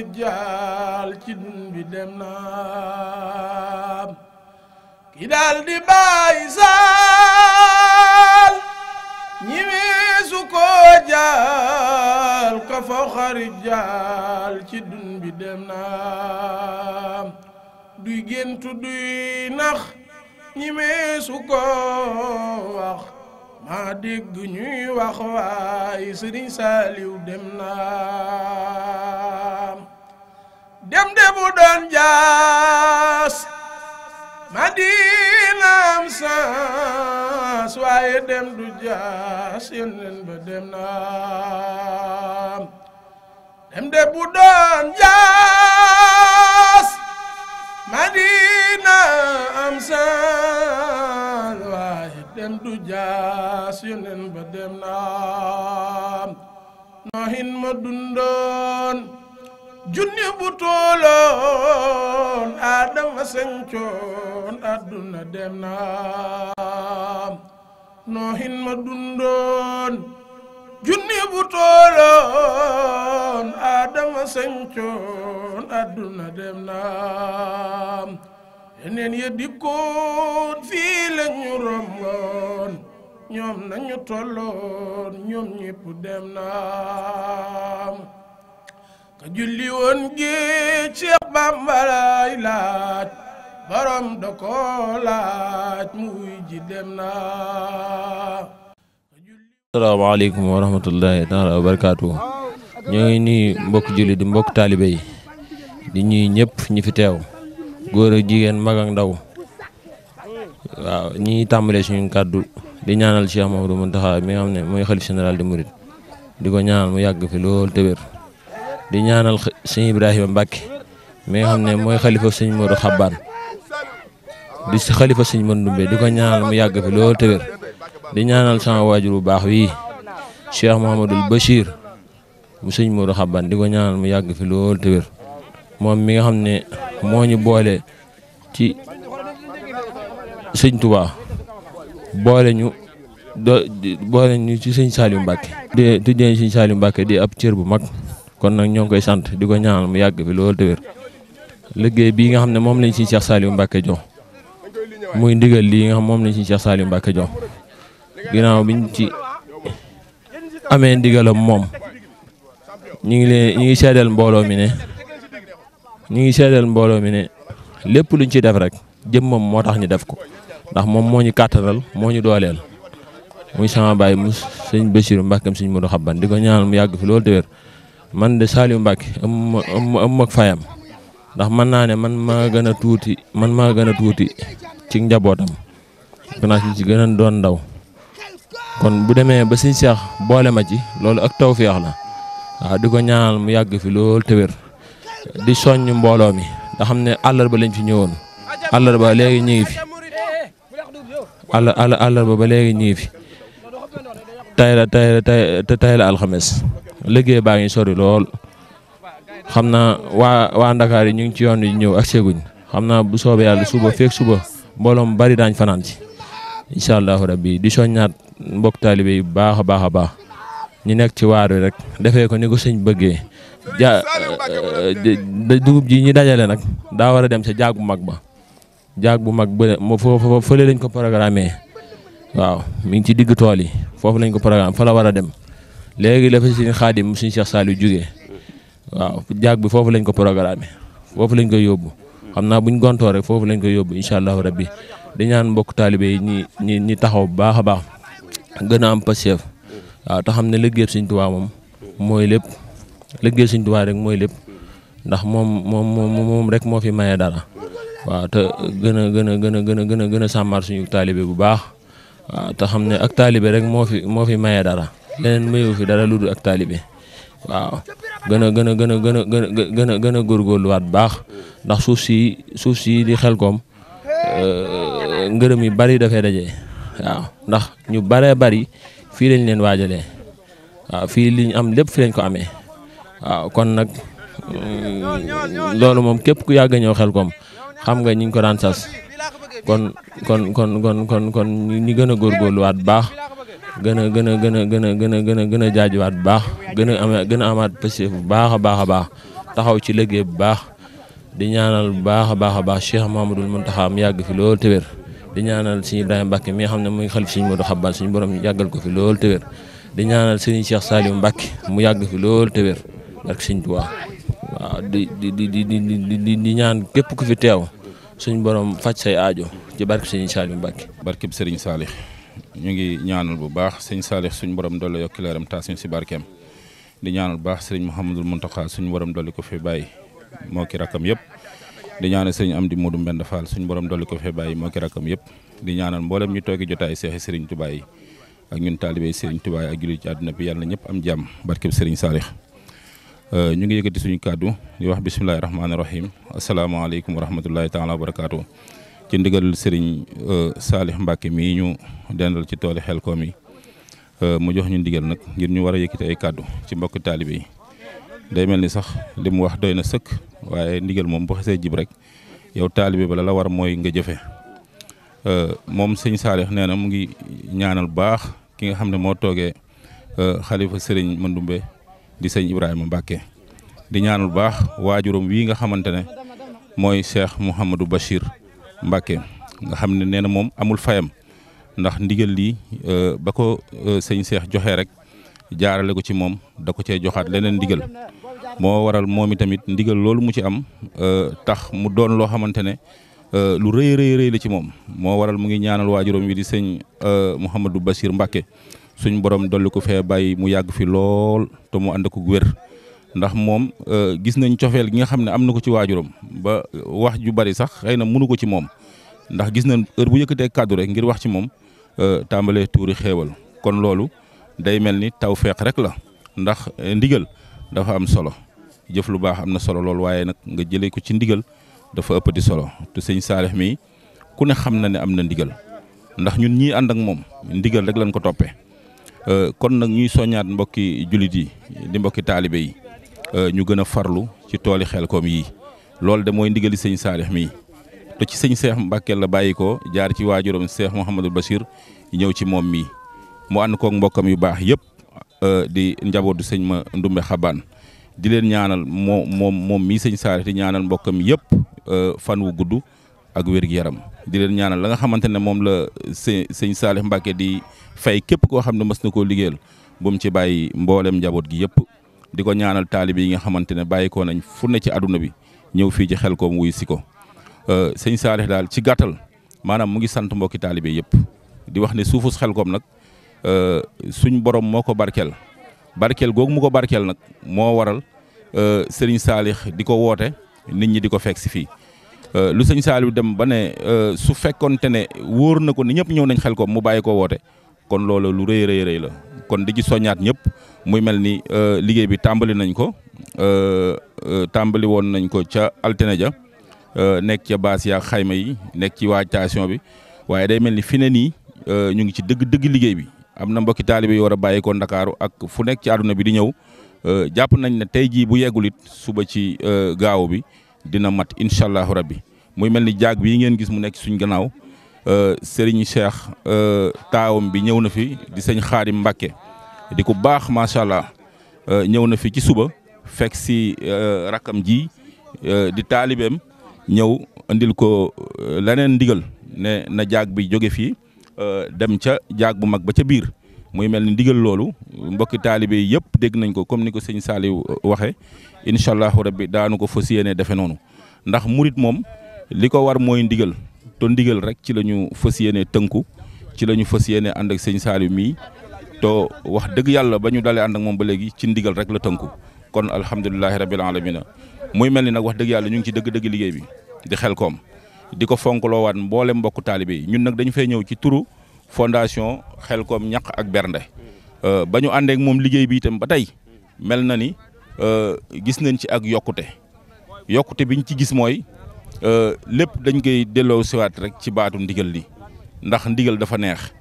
rijaal ci dun bi dem naam ki daal di bàyyi saal ko jaal ka fawxa rijaal ci dun bi dem naam duy géntu duy nax ñi ko wax maa dégg ñuy wax waay sëriñ Saaliw dem naa mu doon jaas madina am saas waaye dem du jaas yéen leen dem naam dem de bu doon jaas madina am saas waaye dem du jaas yéen leen dem naam nohin ma dundoon junni bu tooloon Adama sëncoon adduna dem na noohin ma dundoon junni bu Adama sëncoon adduna dem na yeneen ya dikkoon fii la romboon ñoom nañu tolloon ñoom ñépp dem na ka julli woon gi Cheikh Bamba lay laaj borom da muy ji dem na asalaamaaleykum wa rahmatullahi taala wa barakaatu ñoo ngi nuyu mbokk julli di mbokk taalibe yi di ñuy ñëpp ñi fi teew góor ak jigéen mag ak ndaw waaw ñi tàmbalee suñu kàddu di ñaanal Cheikh Mamadou Mountakha mi nga xam ne mooy xalif général de Mouride di ko ñaanal mu yàgg fi lool te di ñaanal sëñ Ibrahima Mbacke mi nga xam ne mooy xalifa sëñ Modou xaban di si xalifa sëñ Mandoumbe di ko ñaanal mu yàgg fi loolu te di ñaanal sama waajur bu baax wii Cheikh Mouhamadul Bachir mu sëñ Modou Xabbaan di ko ñaanal mu yàgg fi loolu te moom mi nga xam ne moo ñu boole ci sëñ Touba boole ñu. do boole ñu ci sëñ Saliou Mbacke di tuddee sëñ Saliou Mbacke di ab cër bu mag kon nag ñoo ngi koy sant di ko ñaanal mu yàgg fi loolu te wér liggéey bii nga xam ne moom lañ ci Cheikh Saliou mbakke jo muy ndigal lii nga moom lañ ci Cheikh Saliou Mbacke jox biñ ci amee ndigalam moom ñu ngi leen ñu ngi seedeel mbooloo mi ne ñu ngi seedeel mbooloo mi ne lépp luñ ci def rek jëm jëmmam moo tax ñu def ko ndax moom moo ñu kàttanal moo ñu dooleel muy sama baay mu sëñ Bassirou Mbackeem sëñ Modou Xabban di ko ñaanal mu yàgg fi loolu te man de Saliou Mbacke am am ak fayam ndax mën naa ne man maa gën a tuuti man maa gën a tuuti ci njabootam gannaaw ci gën a doon ndaw kon bu demee ba Sëñ Cheikh boole ma ci loolu ak tawféex la waaw di ko ñaanal mu yàgg fi loolu te di soññ mbooloo mi nga xam ne àllarba lañ fi ñëwoon àllarba léegi ñu ngi fi àll àll àllarba ba léegi ñu fi tey la tey alxames liggéey baa ngi sori lool xam naa waa waa Ndakaar yi ñu ngi ci yoon yi ñëw ak seguñ xam naa bu soobee yàlla suba feek suba mbooloo mu bari daañ fanaan ci incha allahu rabbi di soññaat mbokk taalibe yi baax a baax a baax ñu nekk ci waar wi rek defee ko ni ko sëñ bëggee ja euh, dugub ji ñi dajale nag daa war a dem sa jaag bu mag ba jaag bu mag bële moo foofu fële ko programmé waaw mi ngi ci digg tool yi foofu lañ ko programme fa la war a dem. léegi la fa suñu xaadim suñu Cheikh Saliou jugee waaw jaag bi foofu lañ ko programme foofu lañ koy yóbbu xam naa buñ gontoo rek foofu lañ ko yóbbu incha allahu rabbi di ñaan mbokk taalibe yi ñi ñi ñi taxaw bu baax a baax gën a am passeef waaw te xam ne liggéey suñ Tuubaa moom mooy lépp liggéey suñ Tuubaa rek mooy lépp ndax moom moom moom rek moo fi maye dara waaw te gën a gën a gën a gën a gën a gën a sàmmaar suñu taalibe bu baax waaw te xam ne ak taalibe rek moo fi moo fi maye dara leneen mayu fi dara lu dul ak taalibe waaw gën a gën a gën a gën a gën gën a góorgóorluwaat bu baax ndax suuf si suuf si di xel koom euh, ngërëm yu bari dafay daje waaw ndax ñu baree bari fii lañ leen waajalee waaw fii li ñu am lépp fi lañ ko amee waaw kon nag mm, loolu moom képp ku yàgg ñëw xel koom xam nga ñu ngi ko daan sas kon kon kon kon kon kon ñi gën a góorgóorluwaat bu baax. gën a gën a gën a gën a gën a gën a gën a jaajuwaat bu baax gën a ama gën a amaat pasif bu baax a baax a baax taxaw ci liggéey bu baax di ñaanal bu baax a baax a baax Cheikh Mamadou Mountakha mu yàgg fi loolu te wér di ñaanal suñu Ibrahima Mbacke mi nga xam ne muy xalif suñu Modou Xabbaan suñu borom yàggal ko fi loolu te wér di ñaanal sëriñ Cheikh Saliou Mbacke mu yàgg fi loolu te wér barke sëriñ Tuubaa waaw di di di di di di ñaan képp ku fi teew suñu borom faj say aajo ci barke sëriñ Saliou Mbacke barke sëriñ Saliou ñu ngi ñaanal bu baax sëñ Saalix suñu borom dolli yokk leeram taas ñu si barkeem di ñaanal bu baax sëñ Mouhamadul Mountakha suñu borom dolli ko fi bàyyi moo ki rakkam yëpp di ñaanal sëñ Amdi Modou Mbend Fall suñu borom dolli ko fi bàyyi moo ki rakkam yëpp di ñaanal mboolem ñu toogi jotaay seexi Serigne Touba yi ak ñun taalibey Serigne Touba yi ak jullit ci àdduna bi yàlla na ñëpp am jàmm barkeb Serigne Saalix euh, ñu ngi yëkkati suñu kàddu di wax bisimilahi rahmaani rahim asalaamaaleykum wa rahmatullahi taala wa barakaatu ci ndigal sëriñ euh, Saalix Mbàkke mii ñu dendal ci xel Xelkom yi euh, mu jox ñu ndigal nag ngir ñu war a yëkkati ay kàddu ci mbokki taalibe yi day mel ni sax li mu wax doy na sëkk waaye ndigal moom bu xasee jib rek yow taalibe ba la la war mooy nga jëfe euh, moom sëñ Saalix nee na mu ngi ñaanal baax ki nga xam ne moo toogee xalifa sëriñ Mandumbe di sëñ Ibrahima Mbàkke di ñaanal baax waajuram wii nga xamante ne mooy Cheikh Mouhamadou Bachir Mbàkke nga xam ne nee na moom amul fayam ndax ndigal lii euh, ba ko sëñ Seex joxe rek jaarale ko ci moom da ko cee joxaat leneen ndigal moo waral moom itamit ndigal loolu mu ci am euh, tax mu doon loo xamante ne euh, lu rëy rëy rëy ci moom moo waral mu ngi ñaanal waajuróom wi di sëñ Mouhamadou Bachir Mbàkke suñ borom dolli ko fee bàyyi mu yàgg fi lool te mu ànd ko wér ndax moom euh, gis nañ cofeel gi nga xam ne am na ko ci waajuram ba wax ju bari sax xëy na mënu ko ci moom ndax gis nañ heure bu yëkkatee kàddu rek ngir wax ci moom euh, tàmbalee tuuri xéewal kon loolu day mel ni taw feeq rek la ndax euh, ndigal dafa am solo jëf lu baax am na solo lool waaye nag nga jëlee ko ci ndigal dafa ëppati solo te sëñ Saalix mi ku ne xam na ne am na ndigal ndax ñun ñii ànd ak moom ndigal rek lañ ko toppee kon nag ñuy soññaat mbokki jullit yi di mbokki taalibe yi. Euh, ñu gën a farlu ci tooli Xelkom yi loolu de mooy ndigali sëñ Saalix mi te ci sëñ Seex Mbàkke la bàyyi ko jaar ci waajuram Seex Mouhamadul Bachir ñëw ci moom mii mu ànd kook mbokkam yu baax yëpp euh, di njabootu sëñ ma Ndumbe xaban di leen ñaanal moo moom mi mii sëñ Saalix di ñaanal mbokkam yëpp euh, fan wu gudd ak wér yaram di leen ñaanal la nga xamante ne moom la sëñ sëñ Saalix Mbàkke di fey képp koo xam ne mës na koo liggéeyal bu ci bàyyi mboolem njaboot gi yëpp. di ko ñaanal taalibe yi nga xamante ne bàyyi ko nañ fu ne ci àdduna bi ñëw fii ci xel Xelkom wuy si ko euh, sëñ Saalix daal ci gàttal maanaam mu ngi sant mbokki taalibe yëpp di wax ne suufus Xelkom nag euh, suñ borom moo ko barkeel barkeel googu mu ko barkeel nag moo waral euh, sëriñ Saalix di ko woote nit ñi di ko fekk si fii. lu sëñ Saalix dem ba ne su fekkonte ne wóor na ko ni ñëpp ñëw nañ xel Xelkom mu bàyyi ko woote. kon loolu lu rëy rëy rëy la kon di ci soññaat ñëpp muy mel ni euh, liggéey bi tàmbali nañ ko euh, euh, tàmbali woon nañ ko ca altine ja nekk ca baas ya xayma yi nekk ci waa station bi waaye day mel ni fi ne nii ñu ngi ci dëgg dëgg liggéey bi am na mbokki taalibe yu war a bàyyi ko Ndakaaru ak fu nekk ci àdduna bi di ñëw jàpp nañ ne tey jii bu yeggul it suba ci gaaw bi dina mat incha allahu rabbi muy mel ni jaag bii ngeen gis mu nekk suñ gannaaw. Euh, Serigne Cheikh euh, taawam bi ñëw na fi di sëñ Xaadim Mbàkke di ku baax macha allah euh, ñëw na fi ci suba fekk si rakkam ji di taalibeem ñëw indil ko leneen ndigal ne na jaag bi jóge fii dem ca jaag bu mag ba ca biir muy mel ni ndigal loolu mbokki taalibe yëpp dégg nañ ko comme ni ko sëñ saali waxee incha allahu rabbi daanu ko fas yenee defe noonu ndax murit moom li ko war mooy ndigal to ndigal rek ci la ñu fas yéene tënku ci la ñu fas yéene ànd ak sëñ Saliou mii to wax dëgg yàlla ba ñu dalee ànd ak moom ba léegi ci ndigal rek la tënku kon alhamdulilahi rabil alamina muy mel ni nag wax dëgg yàlla ñu ngi ci dëgg-dëgg liggéey bi di koom di ko fonkloowaat mboole mbokku taalibe yi ñun nag dañu fay ñëw ci turu xel koom ñaq ak bernde euh, ba ñu àndeek moom liggéey bi itam ba tey mel na ni euh, gis nañ ci ak yokkute yokkute biñ ci gis mooy Euh, lépp dañ koy delloo siwaat rek ci baatu ndigal li ndax ndigal dafa neex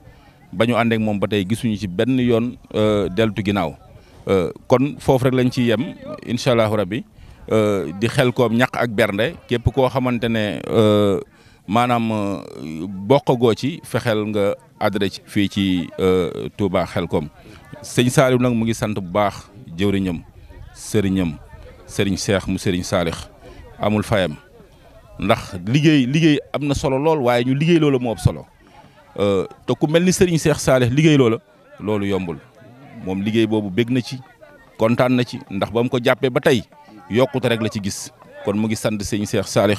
ba ñu ànd moom ba tey gisuñu ci benn yoon euh, deltu ginnaaw euh, kon foofu rek lañ ciy yem incha allahu rabbi di xel koom ñaq ak bernde képp koo xamante ne maanaam bokkagoo ci fexeel nga adresse fii ci xel koom sëñ Saliou nag mu ngi sant bu baax jëwriñam sëriñam sëriñ Seex mu sëriñ Saalix amul fayam ndax liggéey liggéey am na solo lool waaye ñu liggéey loola moo ëpp solo euh, te ku mel ni Serigne Cheikh Saleh liggéey loola loolu yombul moom liggéey boobu bég na ci kontaan na ci ndax ba mu ko jàppee ba tey yokkute rek la ci gis kon mu ngi sant Serigne Cheikh Saleh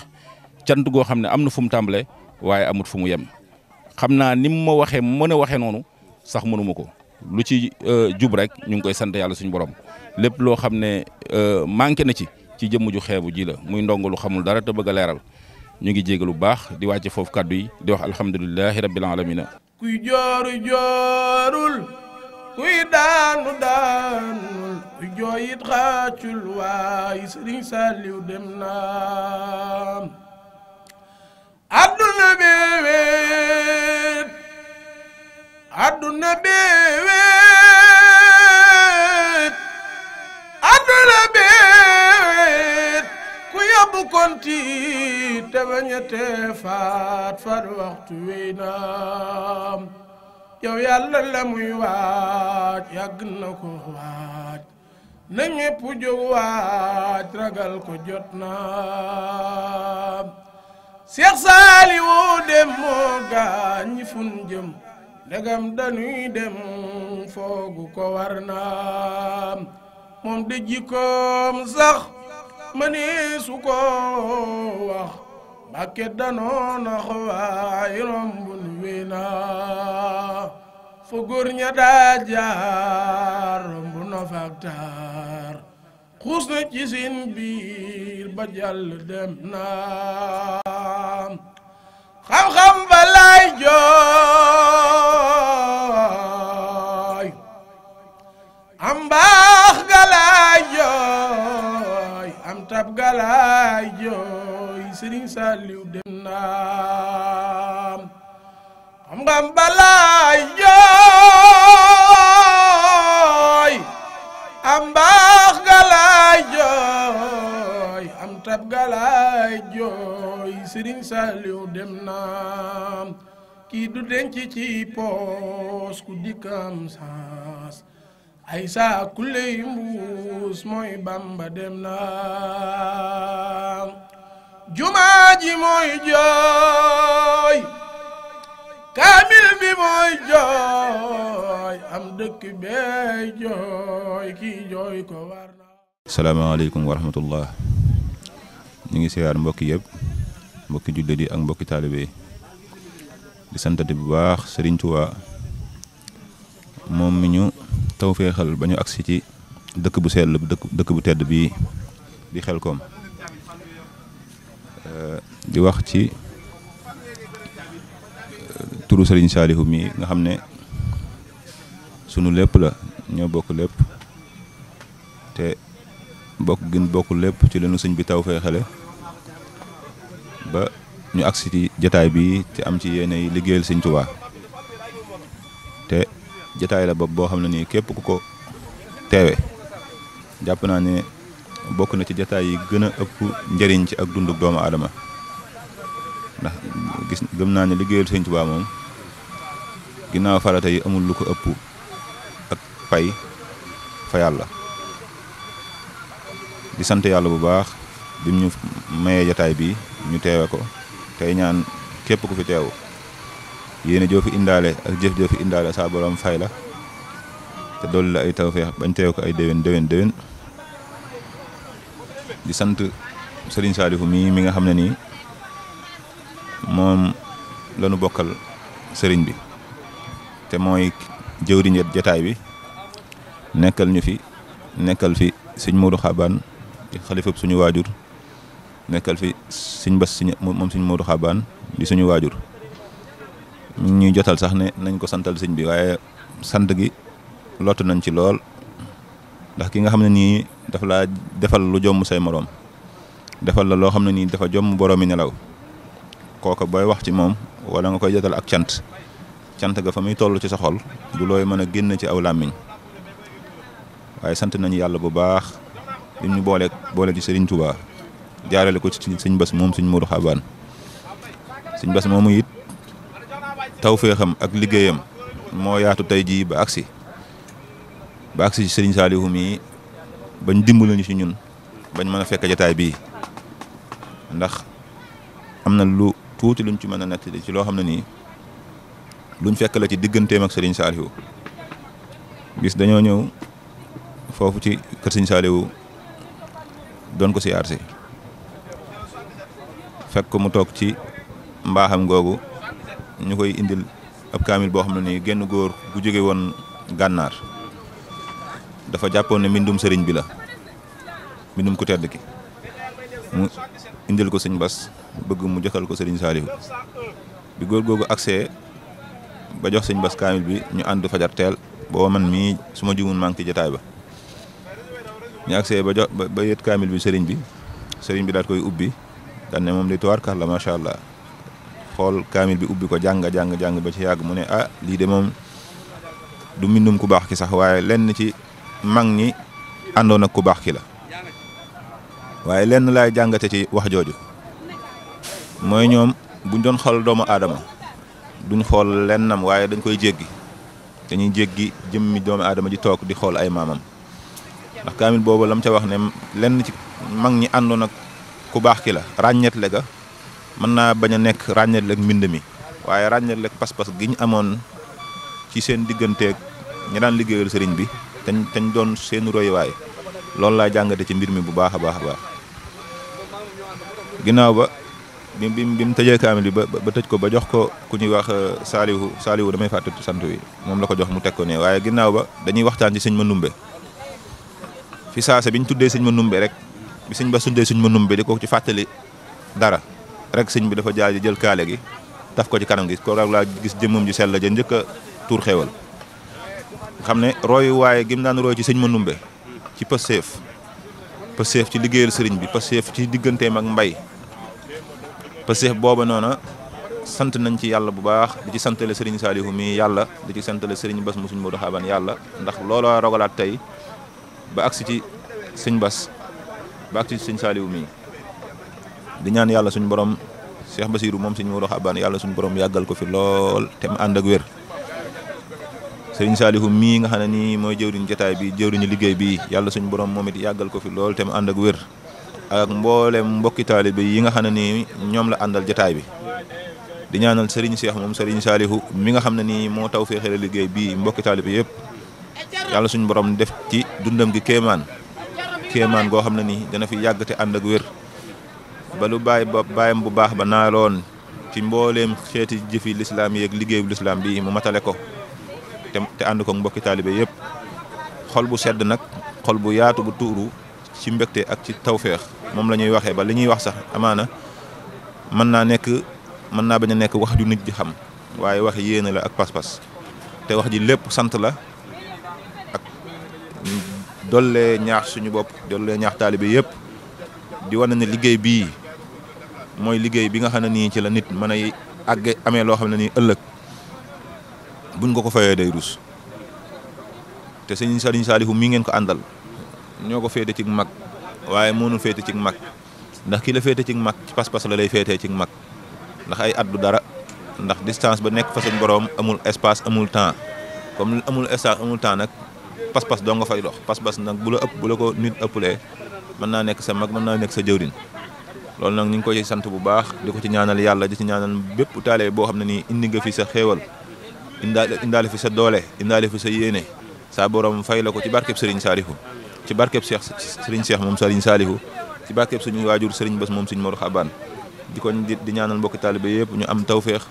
cant goo xam ne am na fu mu tàmbalee waaye amut fu mu yem xam naa ni mu ma waxee mën a waxee noonu sax mënuma ko lu ci euh, jub rek ñu ngi koy sant yàlla suñu borom lépp loo xam ne euh, manqué na ci. ci jëmm ju xeebu ji la muy ndongo lu xamul dara te leeral ñu ngi jégalu baax di wàcce foofu kàddu yi di wax alhamdulilahi rabbil alamina kuy jooru joorul kuy daanu daanul jooyit xaacul waay sëriñ Saliw dem na adduna beewet adduna beewet bele beet ku yóbbu konti te bañete faat far waxtu wey naam yàlla la muy waaj yàgg na ko waaj na ñépp jóg waaj ragal ko jot naam Seex Saaliwu dem moo gaañ fun jëm ndegam dañuy dem foogu ko war naam moom de sax mëni su ko wax Mbàkke danoo nax waay ña daa jaar romb faktaar xuus na ci biir ba jàll dem na xam-xam ba lay jooy amba galaay jooy am tab galaay jooy sëriñ Saliou dem naam xam nga balaay jooy am baax galaay jooy am tab galaay dem naam kii du denc ci poos ku dikkam saas ay saa kuley mbuur mbuus mooy bamba dem ñu ngi siyaar mbokki yëpp mbokki jullit yi ak mbokki taalibe di santati bu baax Sëriñ Tuubaa moom mi ñu tawféexal ba agsi ci dëkk bu sell dëkk dëkk bu tedd bi di koom di wax ci eh, turu Serigne Saliou mi nga xam ne sunu lépp la ñoo bokk lépp te bokk gën bokk lépp ci leenu sëñ bi taw fee xale ba ñu agsi ci jataay bi te am ci yéenay liggéeyal sëñ Tuubaa te jataay la bopp boo xam ne nii képp ku ko teewe jàpp naa ne bokk na ci jataay yi gën a ëpp njëriñ ci ak dundu doomu aadama ndax gis gëm naa ne liggéeyal Sëñ Tuubaa moom ginnaaw farata yi amul lu ko ëpp ak fay fa yàlla di sant yàlla bu baax bi ñu mayee jataay bi ñu teewe ko tey ñaan képp ku fi teew yéene joo fi indaale ak jëf joo fi indaale saa borom fay la te dool la ay tawfeex bañ teew ko ay déwén déwén déwén di sant Serigne Saliou mii mi nga xam ne nii moom lanu bokkal sëriñ bi te mooy jëwriñ jotaay bi nekkal ñu fi nekkal fi sëñ Modou Xabaan di xalifab suñu waajur nekkal fi sëñ ba sëñ moom sëñ Modou Xabaan di suñu waajur ñu ñuy jotal sax ne nañ ko santal sëñ bi waaye sant gi lott nañ ci lool ndax ki nga xam ne nii dafa laa defal lu jomm say moroom defal la loo xam ne nii dafa jomm boroomi nelaw kooka booy wax ci moom wala nga koy jotal ak cant cant ga fa muy toll ci sa xol looy mën a génn ci aw làmmiñ waaye sant nañu yàlla bu baax li ñu boole boole ci Serigne Touba jaarale ko ci suñ Bass moom Sëñ Modou Xabaan Sëñ Bass moomu it tawféexam ak liggéeyam moo yaatu tey jii ba agsi ba agsi ci sëriñ Saalihu mii bañ dimbali lañu ci ñun bañ mën a fekk jataay bii ndax am na lu tuuti luñ ci mën a nett ci loo xam ne nii luñ fekk la ci digganteem ak sëriñ Saalihu bis dañoo ñëw foofu ci kër sëriñ Saalihu doon ko siyaar si fekk mu toog ci mbaaxam googu ñu koy indil ab kaamil boo xam ne nii genn góor bu jóge woon gànnaar dafa jàppoon ne mbindum sëriñ bi la mbindum ku tedd ki mu indil ko sëñ bas bëgg mu jotal ko sëriñ saalihu bi góor googu agsee ba jox sëñ bas kaamil bi ñu ànd fajar teel booba man mii su ma jumun maa ngi ci jotaay ba ñu agsee ba jox ba yët kaamil bi sëriñ bi sëriñ bi daal koy ubbi daan ne moom di tuwaar kar la macha allah xool kaamil bi ubbi ko jàng jàng jàng ba ci yàgg mu ne ah lii de moom du mbindum ku baax ki sax waaye lenn ci mag ñi àndoon ak ku baax la waaye lenn laay jàngate ci wax jooju mooy ñoom buñ doon xool doomu aadama duñu xool lennam waaye dañ koy jéggi dañuy jéggi jëmmi doomu aadama ji toog di xool ay maamam ndax kaamil boobu lam ca wax ne lenn ci mag ñi àndoon ak ku baax ki la ràññeetle ga mën naa bañ a nekk ràññeetle ak mbind mi waaye ràññeetle ak pas-pas gi ñu amoon ci seen digganteeg ñi daan liggéeyal sëriñ bi dañ dañ doon seenu royuwaay loolu laa jàngate ci mbir mi bu baax a baax a baax ginnaaw ba bi bi bi mu tëjee kaamil bi ba ba tëj ko ba jox ko ku ñuy wax euh, saalihu saalihu damay fàtte sant wi moom la ko jox mu teg ko ne waaye ginnaaw ba dañuy waxtaan ci sëñ ma numbe fi saase bi ñu tuddee sëñ ma numbe rek bi sëñ ba sundee sëñ ma numbe di ko ci fàttali dara rek sëñ bi dafa jaay jël kaale gi taf ko ci kanam gi ko laa gis jëmmam ju sell ja njëkk a tuur xam ne royu waaye gim daan roy ci sëñ ma Manumbe ci pëseef pëseef ci liggéeyal sëriñ bi pëseef ci digganteem ak mbay pëseef booba noona sant nañ ci yàlla bu baax di ci santale sëriñ Saalihu mi yàlla di ci santale sëriñ Bas mu suñ Moodu Xaabaan yàlla ndax looloo tey ba agsi ci sëñ Bas ba agsi ci sëñ mi di yàlla suñ borom Cheikh Basirou moom sëñ Moodu Xaabaan yàlla suñ borom yàggal ko fi lool te mu ànd ak wér sëriñ Saalihu mii nga xam ne nii mooy jëwriñ jataay bi jëwriñu liggéey bi yàlla suñu borom moom it yàggal ko fi lool te mu ànd ak wér ak mboolem mbokki taalibe yi nga xam ne nii ñoom la àndal jataay bi di ñaanal sëriñ Cheikh moom sëriñ Saalihu mi nga xam ne nii moo taw feexale liggéey bii mbokki taalibe yëpp yàlla suñu borom def ci dundam gi kéemaan kéemaan goo xam ne nii dana fi yàgg te ànd ak wér ba lu bàyyi ba bàyyam bu baax ba naaloon ci mbooleem xeeti jëfi lislaam yeeg liggéeyu lislaam bi mu matale ko te ànd ko mbokki taalibe yëpp xol bu sedd nag xol bu yaatu bu tuuru ci mbégte ak ci tawféex moom la ñuy waxee ba li ñuy wax sax amaana mën naa nekk mën naa bañ a nekk wax ju nit di xam waaye wax yéene la ak pas-pas te wax ji lépp sant la ak dollee ñaax suñu bopp dollee ñaax taalibe yépp di wane ne liggéey bii mooy liggéey bi nga xam ne nii ci la nit mën a àgg amee loo xam ne nii ëllëg buñ ko ko fayee day rus te sëñ Saliou Saliou mi ngeen ko àndal ñoo ko féete ci mag waaye mënul féete ci mag ndax kii la féete ci mag ci pas-pas la lay féetee ci mag ndax ay at du dara ndax distance ba nekk fa seen boroom amul espace amul temps comme amul espace amul temps nag pas-pas doo nga fay dox pas-pas nag bu la ëpp bu la ko nit ëppalee mën naa nekk sa mag mën naa nekk sa jëwriñ loolu nag ñu ngi koy sant bu baax di ko ci ñaanal yàlla di ci ñaanal bépp taale boo xam ne nii indi nga fi sa xéewal indaale indaale fi sa doole indaale fi sa yéene saa borom fay la ko ci barkeb Serigne Salihu ci barkeb Cheikh Serigne Cheikh moom Serigne Salihu ci barkeb suñu waajur Serigne Bass moom suñu Mor Xabaan di ko di ñaanal mbokki taalibe yëpp ñu am tawféex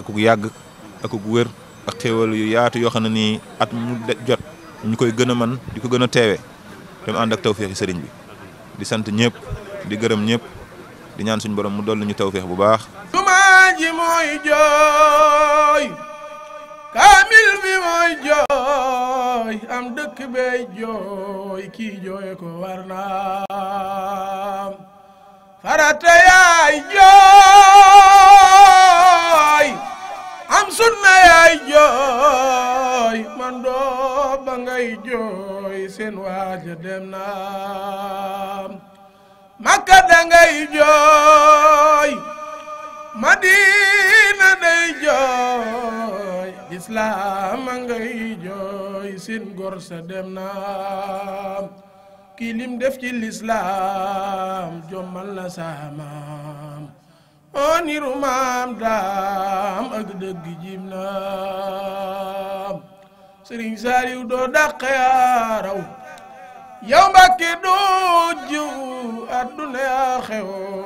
ak ku yàgg ak ku wér ak xéewal yu yaatu yoo xam ne nii at mu jot ñu koy gën a mën di ko gën a teewe dem ànd ak tawféexi Serigne bi di sant ñëpp di gërëm ñëpp di ñaan suñu borom mu dolli ñu tawféex bu baax. ji mooy jooy kaamil bi mooy jooy am dëkk bey jooy kii jooy ko war naam farata yaay jooy am sunna yaay jooy man doo ba ngay jooy seen waaja dem naam makka da ngay jooy madina day lislaam a ngay jooy dem naam kii lim def ci lislaam jommal na saamaam oo niru maam daam ak dëgg naam sëriñ saaliw doo dàqe yaa raw yow mbàkke doo adduna yaa xew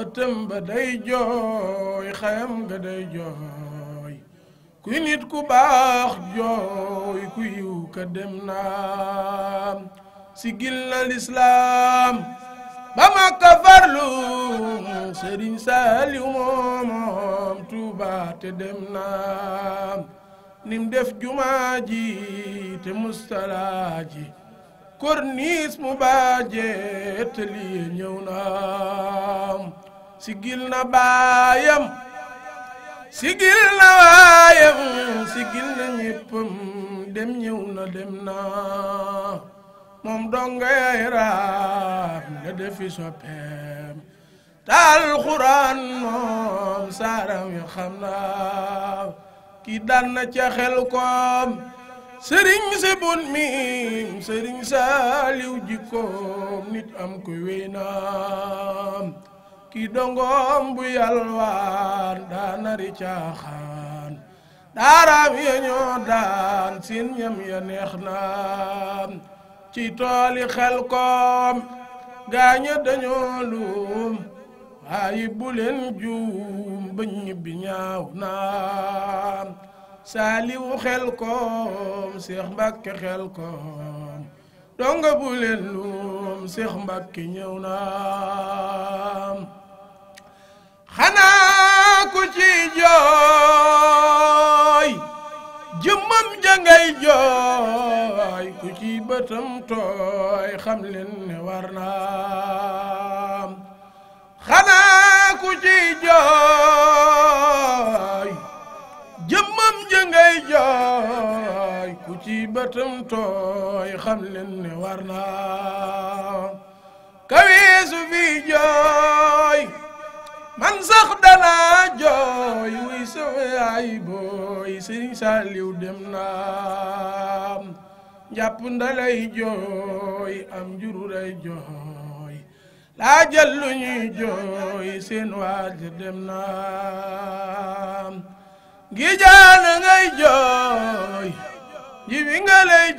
ëttam ba day jooy xayam nga day jooy kuy nit ku baax jooy ku yiw ka dem naam si gilla lislaam ba Makka farlu Sëriñ Saaliw moomoom Tuuba te dem naam nim def jumaa ji te mustalaa ji corniche mu baaje te lii ñëw naam sigil na baayam sigil na waayam sigil ñéppam dem ñëw na dem na moom dongay raam nga defi soppeem taal xuraan moom saaram yu xam na ki dal na ca xel koom sëriñ si bun miim sëriñ saaliw jikkoom nit am koy wéy ki dongoom bu yalwaan daanari caaxaan daaraam ya ñoo daan seen ñam ya neex naan ci tooli xel koom gaaña dañoo luum waaye bu leen juum ba ñibbi ñaaw naan saaliwu xel koom seex mbàkke xel koom donga bu leen luum seex mbàkke ñëw naan jooy ku ci bëtam tooy xam leen ne war naam ku ci jooy jëmmam ja ngay ku ci bëtam tooy xam leen ne war naam kaweesu fi sax danaa jooy wuy sama ay booy sëriñ Saaliw dem naa njàpp ndalay jooy am jururay jooy laa jël jooy seen waaj dem naa ngi jaana jooy jibi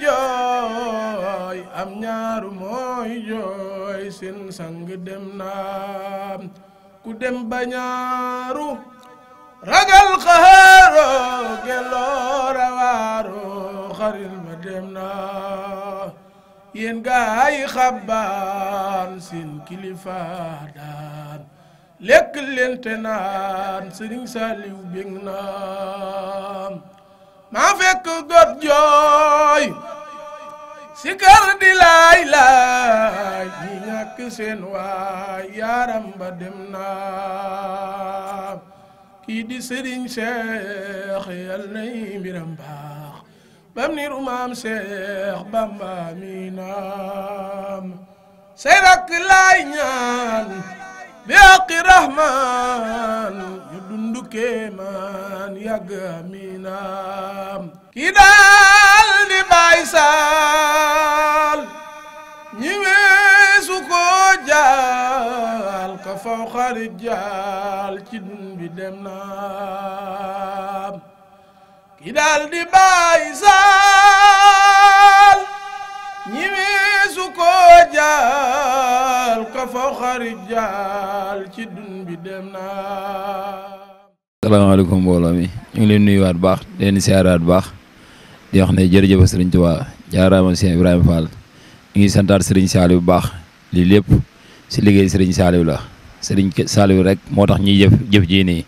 jooy am ñaaru mooy jooy seen sang dem naa ku dem ba ñaaru ragal xaaro a waaro xaril ma dem naa yéen gaay xabbaan seen kilifa daan lekk leen te naan sëriñ Saliw bég maa fekk got jooy sikar di laay laay ñi ñàkk seen waay yaaram ba dem naa kii di sëriñ Cheikh yal nay mbiram baax bam niru maam Cheikh Bamba naam say rakk laay ñaan bi aqi rahman ñu dundu kéemaan yàgg mi naam ki daal di baay saal ñi weesu ka faw xarit ci dun bi dem naam ki daal di ñu ngi leen nuyuwaat baax leen siyaaraat baax. di wax ne jërëjëf sëriñ Tuubaa jaaraama sëriñ Ibrahima Fall ñu ngi santaat sëriñ Saliou bu baax lii lépp si liggéey sëriñ Saliou la sëriñ Saliou rek moo tax ñuy jëf jëf jii nii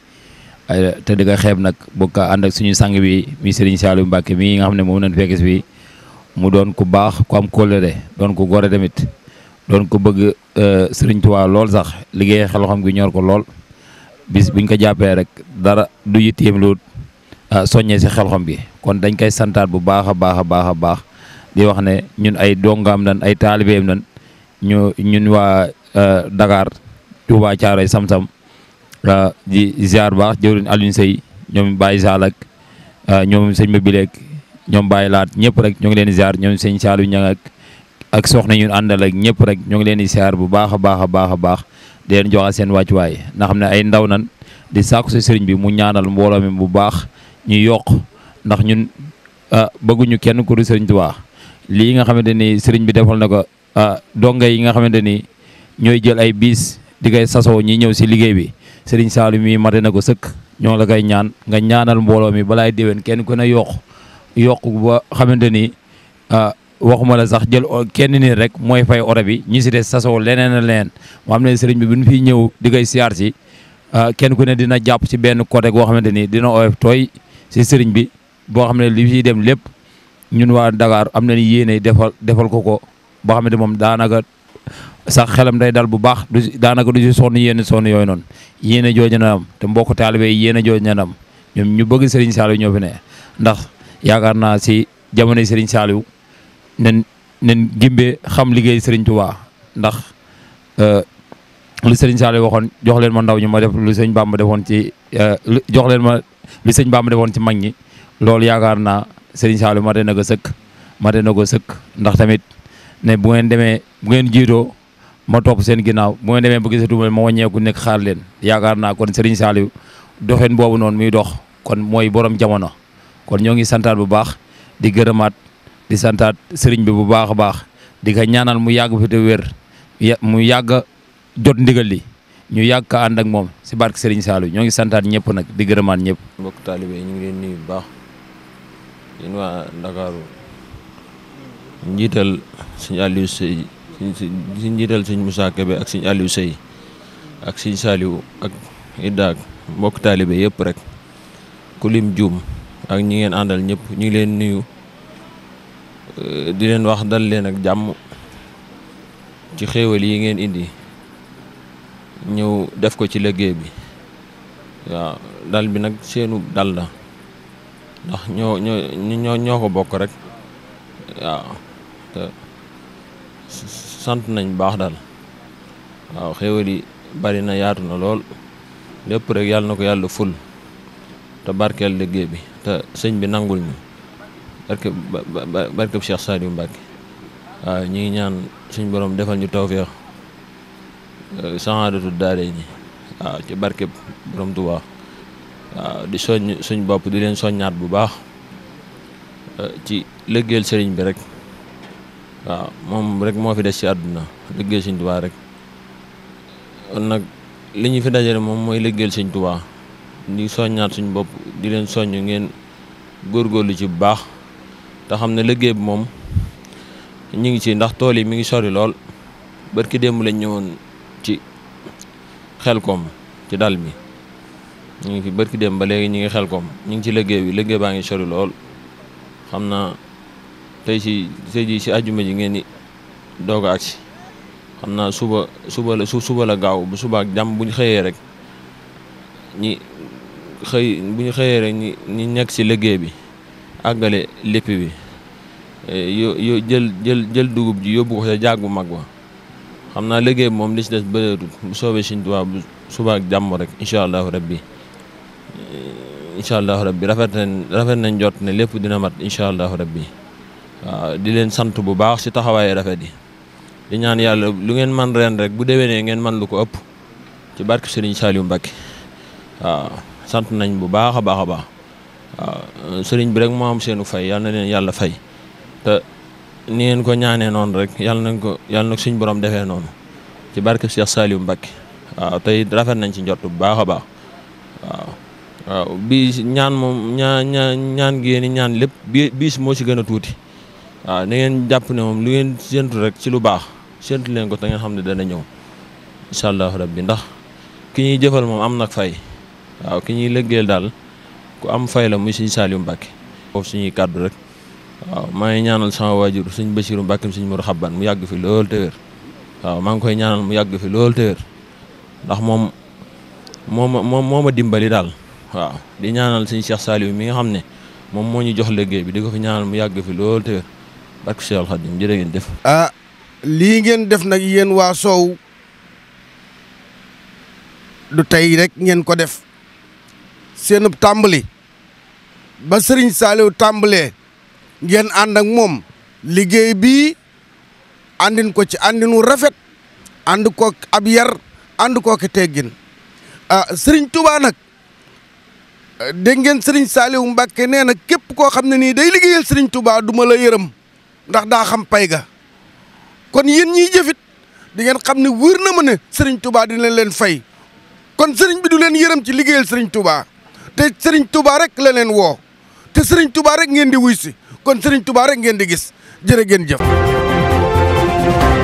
te di ko xeeb nag bokk ànd ak suñu sang bi mi sëriñ Saliou Mbacke mii nga xam ne moom nañ fekkis bi mu doon ku baax ku am kóllëre doon ku gore tamit doon ko bëgg euh, sëriñ Tuubaa lool sax liggéeye xel xam gi ñor ko lool bis buñ ko jàppee rek dara du yitteem lu ah, soññee si xel xam bi kon dañ koy santaat bu baax a baax a baax a baax di wax ne ñun ay dongaam nan ay taalibeem nan ñu ñun waa euh, dakaar Touba Thiaroye Sam-Sam euh, di ziar baax jëwriñ Alioune Seye ñoom Baye Sall ak euh, ñoom sëñ Mabileeg ñoom baay Laat ñëpp rek ñoo ngi leen di ziar ñoom sëñ Saliou Niang ak ak soxna ñun àndal ak ñëpp rek ñoo ngi leen di ziar bu baax a baax a baax a baax di leen joxal seen wàccuwaay ndax xam ne ay ndaw nan di sàkku sa sëriñ bi mu ñaanal mbooloo mi bu baax ñu yokk ndax ñun ah, bëgguñu kenn ku dul sëriñ Tuubaa lii nga xamante ni sëriñ bi defal na ko ah, donga yi nga xamante ni ñooy jël ay biis di koy sasoo ñi ñëw si liggéey bi sëriñ Saalu mi mate na ko sëkk ñoo la koy ñaan nga ñaanal mbooloo mi balaay déwén kenn ku ne yokk yokk ba xamante ni ah, waxuma la sax jël kenn ni rek mooy fay oro bi ñi si des sasoo leneen a leneen moo xam ne sëriñ bi bu ñu fiy ñëw di koy siyaar si kenn ku ne dina jàpp si benn côté boo xamante ni dina oyof tooy si sëriñ bi boo xam ne li ciy dem lépp ñun waa Dakar am nañu yéene defal defal ko ko boo xam ne moom daanaka sax xelam day dal bu baax du daanaka du si sonn yéen sonn yooyu noonu yéen a jooju na am te mbokk taalibe yéen a jooju na am ñoom ñu bëgg Serigne Saliou ñoo fi ne ndax yaakaar naa si jamonoy Serigne Saliou nen nen gimbee xam liggéey Serigne Touba ndax euh, lu Serigne Saliou waxoon jox leen ma ndaw ñu ma def lu Serigne Bamba defoon ci euh, jox leen ma lu Serigne Bamba defoon ci mag ñi loolu yaakaar naa Serigne Saliou mate na ko sëkk mate na ko sëkk ndax tamit ne bu ngeen demee bu ngeen jiitoo ma topp seen ginnaaw bu ngeen demee ba gisatuma ma wàññeeku nekk xaar leen yaakaar naa kon Serigne Saliou doxin boobu noonu muy dox kon mooy borom jamono kon ñoo ngi santaat bu baax di gërëmaat di santaat Serigne bi bu baax a baax di ko ñaanal mu yàgg fi te wér mu yàgg jot ndigal li ñu yàgg ka ànd ak moom si barke Serigne Saliou ñoo ngi santaat ñëpp nag di gërëmaat ñëpp. mbokk taalibe ñu ngi leen nuyu bu baax. yéen waa Ndakaaru njiital sëñ Aliou Seye si njiital sëñ Moussa Kébé ak sëñ Aliou Seye ak sëñ Saliou ak Idda ak mbokk taalibe yëpp rek ku lim juum ak ñi ngeen àndal ñëpp ñu ngi leen nuyu euh, di leen wax dal leen ak jàmm ci xéewal yi ngeen indi ñëw def ko ci liggéey bi waaw dal bi nag seenu dal la ndax ñoo ñoo ñoo ko bokk rek waaw te sant nañ baax daal waaw xéewal yi bari na yaatu na lool lépp rek yàlla na ko yàlla ful te barkeel liggéey bi te sëñ bi nangul ñu barke barkeb Cheikh Saliou Mbacke waaw ñu ngi ñaan suñ borom defal ñu tawféex eh, saxaadatu daare ñi waaw ci barkeb borom Tuubaa waaw di soññ suñ bopp di leen soññaat bu baax eh, ci lëggeel sëriñ bi rek waaw moom rek moo fi des ci àdduna lëggeel sëñ tubaa rek nag li ñu fi dajale moom mooy lëggeel sëñ tubaa di soññaat suñ bopp di leen soññ ngeen góor góorlu ci bu baax te xam ne lëggéey bi moom ñu ngi ci ndax tool yi mi ngi sori lool bët ki démb lañ ñëwoon ci xel koom ci dal mi ñu ngi fi barki dem ba léegi ñu ngi xel koom ñu ngi ci liggéey bi liggéey baa ngi sori lool xam naa tey si tey jii si àjjuma ji ngeen di doog xam naa suba suba la suba la gaaw bu suba ak jàmm bu ñu xëyee rek ñi xëy bu ñu rek ñi ñi nekk si liggéey bi àggale lépp bi eh, yo yo jël jël jël dugub ji yóbbu ko sa jaag bu mag wa xam naa liggéey bi moom li si des bëreetut bu soobee Sëñ Tuubaa bu suba ak jàmm rek incha allahu rabbi incha allahu rabbi rafet nañ rafet nañ jot ne lépp dina mat incha allahu rabbi waaw di leen sant bu baax si taxawaay rafet yi di ñaan yàlla lu ngeen man ren rek bu déwénee ngeen man lu ko ëpp ci barke Serigne Saliou Mbacké waaw sant nañ bu baax a baax a baax waaw Serigne bi rek moom seenu fay yal na leen yàlla fay te ni ngeen ko ñaanee noonu rek yàlla nañ ko yal na suñ borom defee noonu ci barke Cheikh Saliou Mbacké waaw tey rafet nañ si njort bu baax a baax waaw. waaw biis ñaan moom ñaan ñaan ñaan gi yéen ñaan lépp biis moo ci gën a tuuti waaw na ngeen jàpp ne moom lu ngeen séntu rek ci lu baax séntu leen ko te ngeen xam ne dana ñëw incha allahu rabbi ndax ki ñuy jëfal moom am nag fay waaw ki ñuy lëggeel daal ku am fay la muy suñu Saliou Mbacke foofu suñuy kàddu rek waaw maa ngi ñaanal sama waajur suñ Basiru Mbàkkim suñ Muru Xabban mu yàgg fi lool te waaw maa ngi koy ñaanal mu yàgg fi lool te ndax moom moo ma moo ma dimbali daal waaw di ñaanal sëñ Cheikh Saliou mi nga xam ne moom moo ñu jox liggéey bi di ko fi ñaanal mu yàgg fi lool te barke Cheikh Khadim jërë ngeen def. Ah, lii ngeen def nag yéen waa Sow du tey rek ngeen ko def seenub tàmbali ba Serigne Saliou tàmbalee ngeen ànd moom liggéey bi àndin ko ci àndinu rafet ànd ko ab yar ànd ko ki teggin ah Serigne dégg ngeen Serigne Saliou Mbacke nee na képp koo xam ne nii day liggéeyal Serigne Touba du ma la yërëm ndax daa xam pay ga kon yéen ñiy jëfit di ngeen xam ne wër na ma ne Serigne Touba dina leen fay kon Serigne bi du leen yërëm ci liggéeyal Serigne Touba te Serigne Touba rek la leen woo te Serigne Touba rek ngeen di wuy si kon Serigne Touba rek ngeen di gis jërë ngeen jëf.